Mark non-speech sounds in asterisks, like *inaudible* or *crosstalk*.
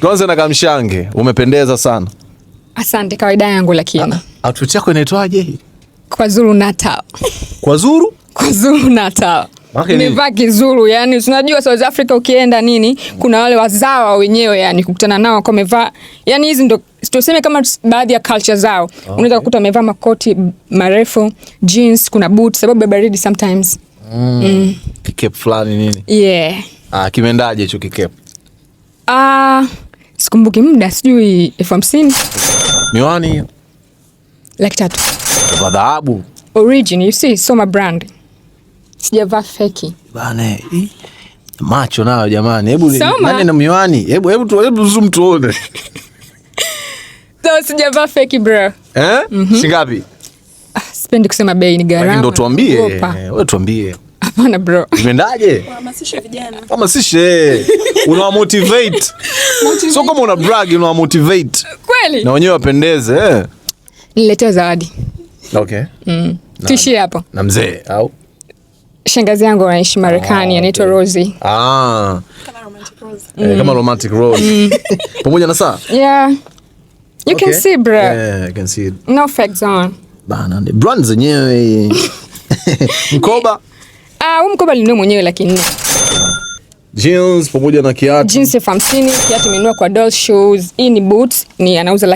Tuanze *laughs* na Kamshange, umependeza sana. Asante, kawaida yangu lakini. Ah, outfit yako inaitwaje? Kwa Zuru Natal. Kwa Zuru? Kwa Zuru Natal. Nimevaa kizuru yani, unajua South Africa ukienda nini, kuna wale wazawa wenyewe yani, kukutana nao kwa wamevaa yani, hizi ndo tuseme kama baadhi ya culture zao. Ah, okay. Unaweza kukuta wamevaa makoti marefu, jeans, kuna boots sababu ya baridi sometimes. Mm. Mm. Kikep fulani nini? Yeah. Ah, kimeendaje hicho kikep? Ah, sikumbuki muda, sijui elfu hamsini. Miwani laki tatu Kwa dhahabu. Origin, you see, so my brand. Sijavaa feki. Bana, macho nayo jamani. Hebu nani na miwani? Hebu hebu tu hebu zoom tuone. So *laughs* sijavaa feki bro. Eh? Mm -hmm. Shingapi? Ah, sipendi kusema bei ni gharama. Ndio tuambie. Wewe tuambie. Hapana bro. Unaendaje? Hamasisha vijana. Hamasishe. Unawamotivate. Sio kama una brag, unawamotivate. Kweli? Na wenyewe wapendeze eh. Niletea zawadi. Okay. Mm. Tishi hapo. Na mzee au? Shangazi yangu anaishi Marekani, ah, anaitwa Rosie. Ah. Eh, kama romantic rose. Eh, mm. mm. *laughs* Pamoja na saa? Yeah. You okay. can see bro. Yeah, I can see it. No facts on. Bana, brand zenyewe. *laughs* *laughs* Mkoba Ah, huu mkoba ninao mwenyewe laki nne. Jeans pamoja na kiatu. Jeans elfu hamsini, kiatu nimenunua kwa Doll Shoes. Hii ni boots, ni anauza